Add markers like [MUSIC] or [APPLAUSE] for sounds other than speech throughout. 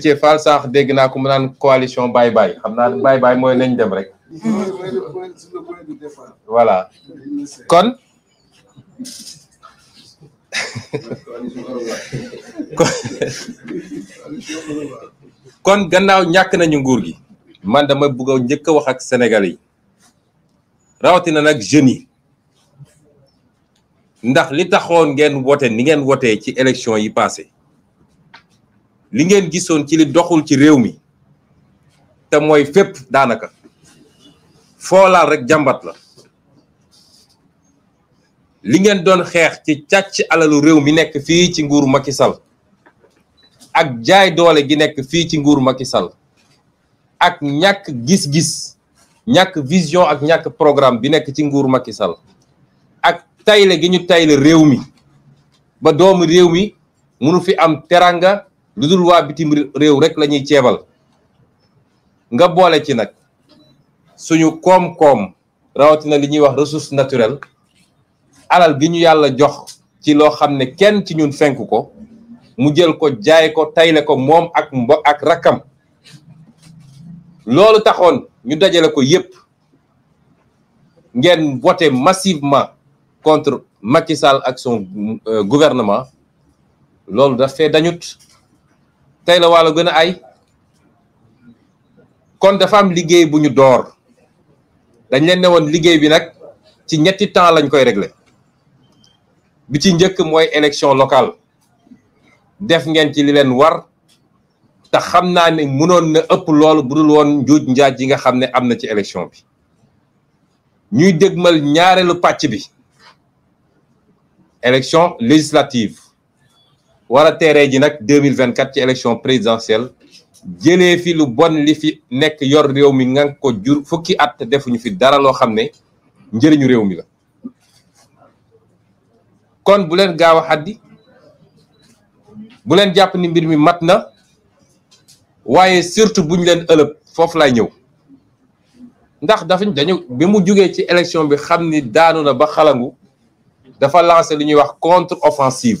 ci fal sax deg na ko mu nan coalition bye bye xamna bye bye moy dem rek. voilà kon. [LAUGHS] kon gannaaw ñak nañu nguur gi. man dama bëgg ñëk wax ak Sénégalais rawati rawatina nak jeunes ndax li taxone ngeen wote ni ngeen ci élection yi passé li ngeen gisoon ci li doxul ci réew mi te mooy fépp daanaka foolaal rek jàmbat la li ngeen doon xeex ci càcc alalu réew mi nekk fii ci nguuru Macky Sall ak jaay doole gi nekk fii ci nguur Macky sal ak ñàkk gis-gis ñàkk vision ak ñàkk programme bi nekk ci nguuru Macky sal ak tayle gi ñu tayle réew mi ba doomu réew mi munu fi am teranga lu dul waa bitim réew rek la ñuy ceebal nga boole ci nag suñu koom-koom rawatina li ñuy wax ressource naturelle alal gi ñu yàlla jox ci loo xam ne kenn ci ñun fenk ko mu jël ko jaay ko tayle ko moom ak mbo ak rakkam loolu taxoon ñu dajale ko yépp ngeen voté massivement contre Macky Sall ak son euh, gouvernement loolu daf dañut tey la waalo gën ay kon dafa am liggéey bu ñu door dañ leen ne woon liggéey bi nag ci ñetti temps lañ koy regle bi ci njëkk mooy élection locale def ngeen ci li leen war te xam naa ne mënoon na ëpp lool bu dul woon njuuj njaaj yi nga xam ne am na ci élection bi ñuy dégmal ñaareelu pàcc bi élection législative war a ji nag 2024 ci élection présidentielle jëlee fi lu bon li fi nekk yor réew mi nga ko jur fukki at defuñu fi dara loo xam ne njëriñu réew mi la kon bu leen gaaw a xaddi bu leen jàpp ni mbir mi mat na waaye surtout buñ leen ëlëb foofu lay ñëw ndax dafa dañu bi mu jugee ci élection bi xam ni daanu na ba xalangu dafa lancé lu ñuy wax contre offensive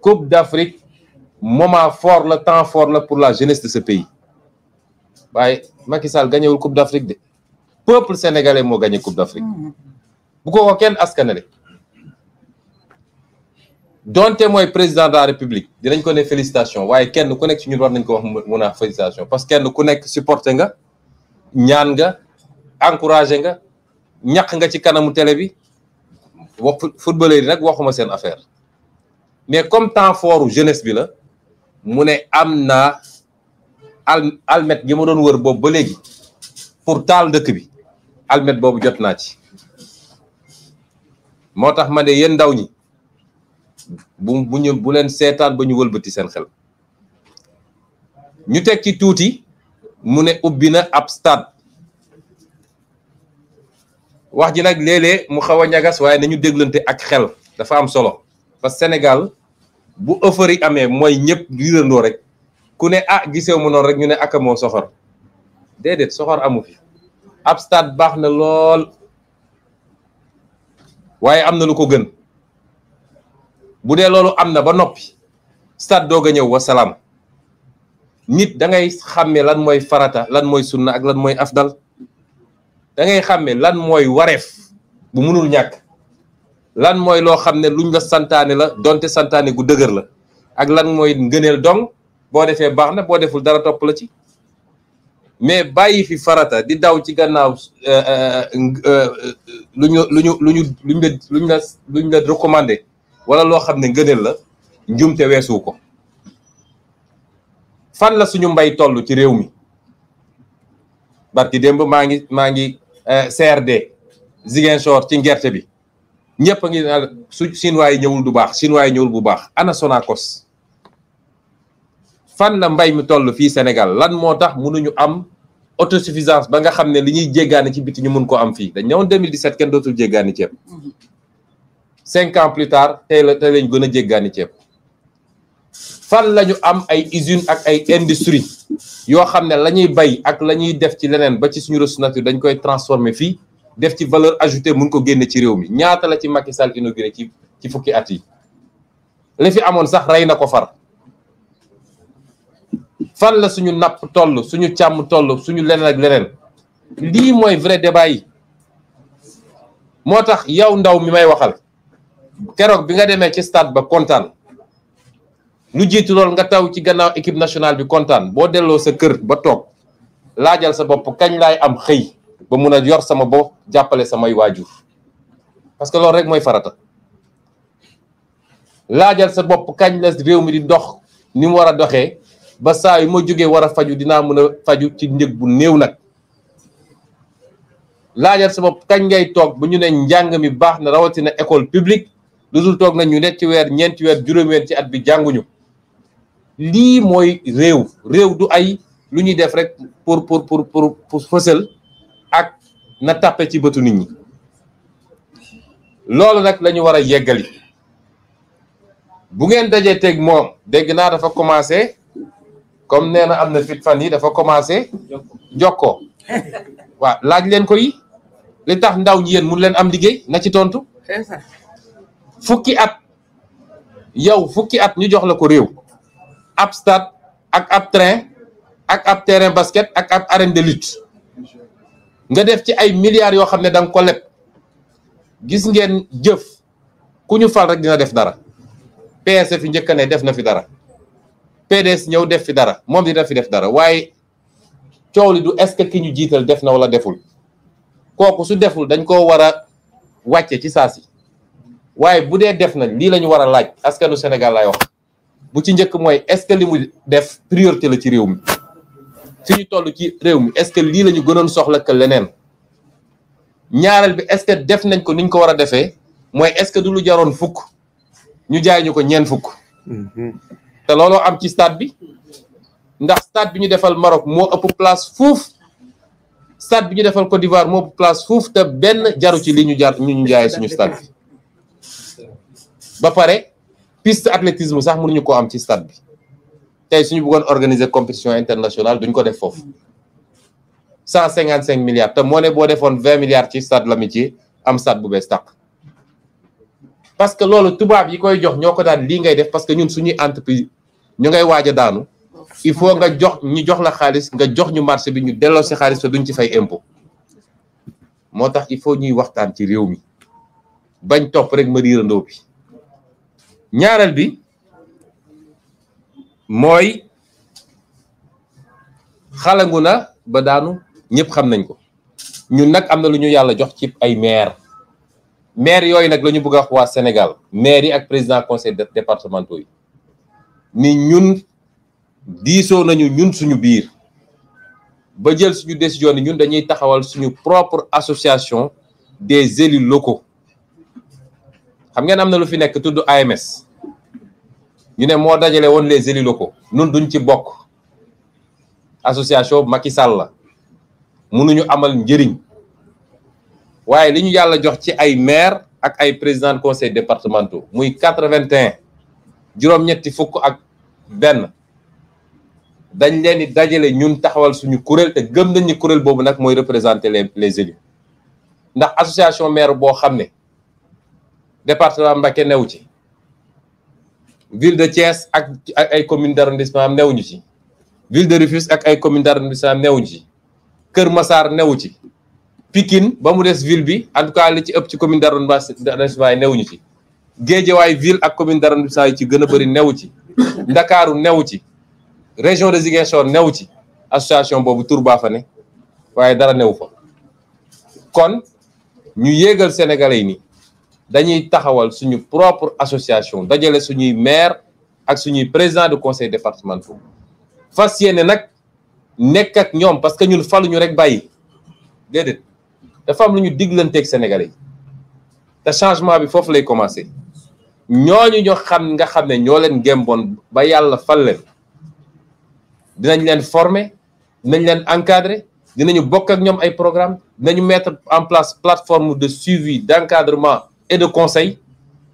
Coupe d'Afrique moment fort le temps fort pour la jeunesse de ce pays waaye Macky Sall la Coupe d'Afrique Le peuple sénégalais gagné la Coupe d'Afrique bu ko ko kenn Donnez-moi moi, président de la république je ko ne félicitations. waaye qu'elle ku connaît ci nous war nañ ko félicitation parce que nous ku nekk supporter nga ñaan nga encouragé nga ñaq nga ci kanamu télé bi il footballeur waxuma affaire mais comme temps fortu jeunesse bi la mu ne am naa al almet gi ma doon wër boobu ba léegi pour taal dëkk bi almet boobu jot naa ci moo tax ma ne yéen ndaw ñi bu bu ñu bu leen seetaan ba ñu wëlbati seen xel ñu teg ci tuuti mu ne ubbi na ab stade wax ji nag léeg-léeg mu xaw a ñagas waaye nañu déglante ak xel dafa am solo parce que Sénégal bu euphorie amee mooy ñëpp riirandoo rek ku ne ah gisew mu noonu rek ñu ne ak moo soxor déedéet soxor amu fi ab stade baax na lool waaye am na lu ko gën bu dee loolu am na ba noppi stade doog a ñëw wa salaam nit dangay ngay lan mooy farata lan mooy sunna ak lan mooy afdal da ngay xàmme lan mooy wareef bu mënul ñàkk lan mooy loo xam ne luñ la santaane la donte santaane gu dëgër la ak lan mooy ngëneel dong boo defee baax na boo deful dara topp la ci mais bàyyi fi farata di daw ci gannaaw euh, euh, euh, lu ñu lu ñu lu ñu la luñ wala loo xam ne ngëneel la njumte weesuwu ko fan la suñu mbay tollu ci réew mi barki démb maa ngi maa ngi CRD Ziguinchor ci ngerte bi ñëpp a ngi naan su chinois yi ñëwul du baax chinois yi ñëwul bu baax ana Sonacos fan la mbay mi toll fii Sénégal lan moo tax mënuñu am autosuffisance ba nga xam ne li ñuy jéggaani ci biti ñu mun ko am fii dañ ñëwoon 2017 kenn dootul jéggaani ceeb cinq plus tard tey la tey gën a jéggaani ceeb fan lañu am ay usine ak ay industrie yoo xam ne lañuy bay ak la ñuy def ci leneen ba ci suñu ressource nature dañ koy transformer fii def ci valeur ajoutée mun ko génne ci réew mi ñaata la ci Macky Sall inauguré ci ci fukki at yi li fi amoon sax rey na ko far fan la suñu napp toll suñu càmm toll suñu leneen ak leneen lii mooy vrai débat moo tax yow ndaw mi may waxal keroog bi nga demee ci stade ba kontaan lu jiitu lool nga taw ci gannaaw équipe nationale bi kontaan boo delloo sa kër ba toog laajal sa bopp kañ laay am xëy ba mun yor sama bopp sama ay wajur parce que lool rek moy farata laajal sa bop kañ les rew mi di dox ni mu wara doxé ba saa yu ma jógee war faju dina mën a faju ci njëg bu néew nak laajal sa bop kañ ngay tok bu ñu ne njàng mi bax na na école publique lu tok na ñu ne ci weer ñent weer juroom weer ci at bi jànguñu li moy rew rew du ay lu def rek pour pour pour pour pour na tàppe ci bëtu nit ñi loolu nag lañu ñu war a yeggali bu ngeen dajee teg moom dégg naa dafa commencé comme nee na am na fit fan yi dafa commencé jokkoo [LAUGHS] waaw laaj leen ko li tax ndaw ñi yéen mun leen am liggéey na ci tontu fukki at yow fukki at ñu jox la ko réew ab stade ak ab train ak ab terrain basket ak ab arène de lutte nga def ci ay milliards yoo xam ne da nga ko leb gis ngeen jëf ku ñu fal rek dina def dara PS fi njëkk ne def na fi dara PDS ñëw def fi dara moom dina fi def dara waaye coow li du est-ce que ki ñu jiital def na wala deful kooku su deful dañ koo war a wàcce ci saa si waaye bu dee def na lii la ñu war a laaj askanu Sénégal wax bu ci njëkk mooy est-ce li mu def priorité la ci réew mi fi ñu toll ci réew mi est-ce que lii la ñu gënoon soxla que leneen ñaareel bi est-ce que def nañ ko niñ ko war a defee mooy est-ce que du lu jaroon fukk ñu jaay ñu ko ñeen fukk. Mhm. te looloo am ci stade bi ndax stade bi ñu defal Maroc moo ëpp place fuuf stade bi ñu defal Côte d'Ivoire moo ëpp place fuuf te benn jaru ci li ñu jar ñu ñu jaayee suñu stade bi ba pare piste athlétisme sax mënuñu koo am ci stade bi. tay suñu bëggoon organiser compétition internationale duñ ko def foofu 155 milliards te moo ne boo defoon vingt milliards ci stade l'amitié am stade bu bees tàq parce que loolu tubaab yi koy jox ñoo ko daan lii ngay def parce que ñun suñuy entreprise ñu ngay waaj a daanu il faut nga jox ñu jox la xaalis nga jox ñu marché bi ñu delloo si xaalis te duñ ci fay impôt moo tax il faut ñuy waxtaan ci réew mi bañ topp rek ma riirandoo bi ñaareel bi mooy xalangu na ba daanu ñëpp xam nañ ko ñun nag am na lu ñu yàlla jox ci ay maire maire yooyu nag lañu ñu bëgg a wax waa Sénégal maire yi ak président conseil départementaux yi ni ñun diisoo nañu ñun suñu biir ba jël suñu décision ni ñun dañuy taxawal suñu propre association des élus locaux xam ngeen am na lu fi nekk tudd AMS ñu ne moo dajalee woon les élus locaux nun duñ ci bokk association Macky Sall la mënuñu amal njëriñ waaye li ñu yàlla jox ci ay maire ak ay président de conseil départementaux muy quatre vingt et un juróom-ñetti fukk ak benn dañ leen di dajale ñun taxawal suñu kuréel te gëm nañ ni kuréel boobu nag mooy représenter les les élus ndax association maire boo xam ne département Mbacké new ci ville de Thiès ak ak ay commune d'arrondissement am newuñu ci ville de Rufisque ak ay commune d'arrondissement am newuñu ci Kër Massar newu ci Pikine ba mu des ville bi en tout li ci ëpp ci commune d'arrondissement yi newuñu ci Guédiawaye ville ak commune d'arrondissement yi ci gën a bëri newu ci Ndakaaru new ci région de Ziguinchor new ci association boobu tur baa ne waaye dara new fa kon ñu yéegal sénégalais yi nii dañuy taxawal suñu propre association dajale suñuy maire ak suñuy président de conseil départemental fas yéene nag nekk ak ñoom parce que ñun faluñu rek bàyyi déedéet dafa am lu ñu Sénégalais yi te changement bi foofu lay commencé ñooñu ñu xam nga xam ne ñoo leen gémboon ba yàlla fal leen dinañ leen former dinañ leen encadrer dinañu bokk ak ñoom ay programme dinañu mettre en place plateforme de suivi d'encadrement et de conseil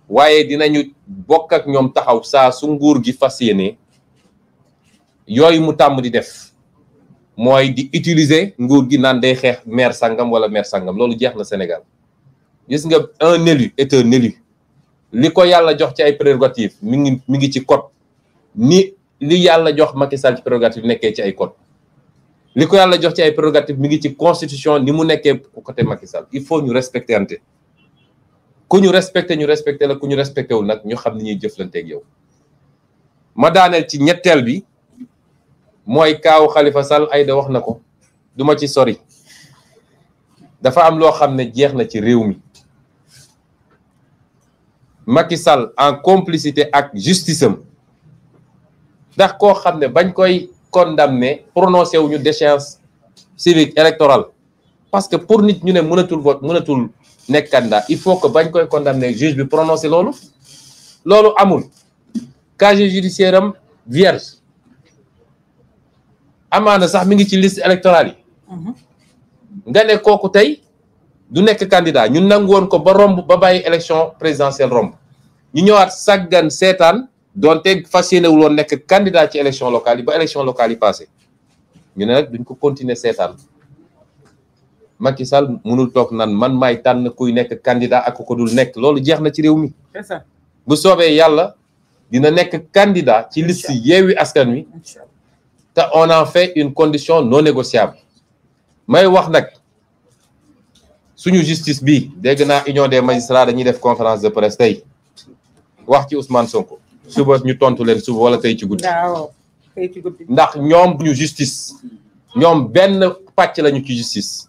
waaye dinañu bokk ak ñoom taxaw saa su nguur gi fas yéene yooyu mu tàmm di def mooy di utiliser nguur gi naan day xeex maire sangam wala maire sangam loolu jeex na Sénégal gis nga un élu est un élu li ko yàlla jox ci ay prérogatives mi ngi mi ngi ci code ni li yàlla jox Macky Sall ci prérogative nekkee ci ay code li ko yàlla jox ci ay prérogatives mi ngi ci constitution ni mu nekkee côté Macky Sall il faut ñu respecter ante ku ñu respecté ñu respecté la ku ñu respecté wul nag ñu xam ne ñuy jëflanteeg yow ma daaneel ci ñetteel bi mooy kaawu Khalifa Sall Aïda wax na ko duma ci sori dafa am loo xam ne jeex na ci réew mi Macky Sall en complicité ak justice am ndax koo xam ne bañ koy condamné prononcé wu ñu déchéance civique électorale parce que pour nit ñu ne mënatul vote mënatul. il faut que bañ koy condamner juge bi prononcer lolu lolu amul casier judiciaire vierge amana sax mi ngi ci liste électorale mhm. nga ne du candidat ñu nangu won ko ba romb ba pas élection présidentielle romb ñu ñëwaat sétane ans, candidat ci élection locale élection locale yi passé ñu ne duñ ko continuer Macky Sall mënul tok nan man may tan kuy nek candidat ak ko dul nek lolou jeexna na ci réew mi. bu sobe yalla dina nek candidat ci liste yeewi askan wi. ta on en fait une condition non négociable. may wax nak suñu justice bi dégg na union des magistrats dañuy def conférence de presse tay wax ci Ousmane Sonko. suba ñu tontu leen suba wala tay ci guddi. ndax ñom duñu justice. ñom benn patch lañu ci justice.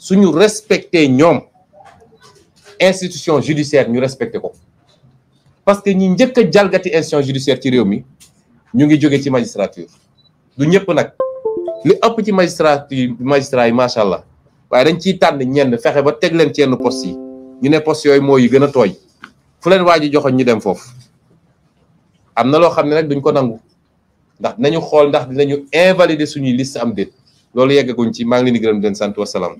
suñu nous respectons institution judiciaire nous respectons parce que ñi avons jalgati institution judiciaire ci réew mi ñu ngi magistratures. ci magistrature du ñëpp magistrature magistrat yi machallah, dañ ñenn ba ci poste yi ñu ne poste yooyu fu leen ñu dem duñ ko nangu ndax ndax loolu yeggaguñ ci maa ngi leen di gërëm di leen sant wasalaam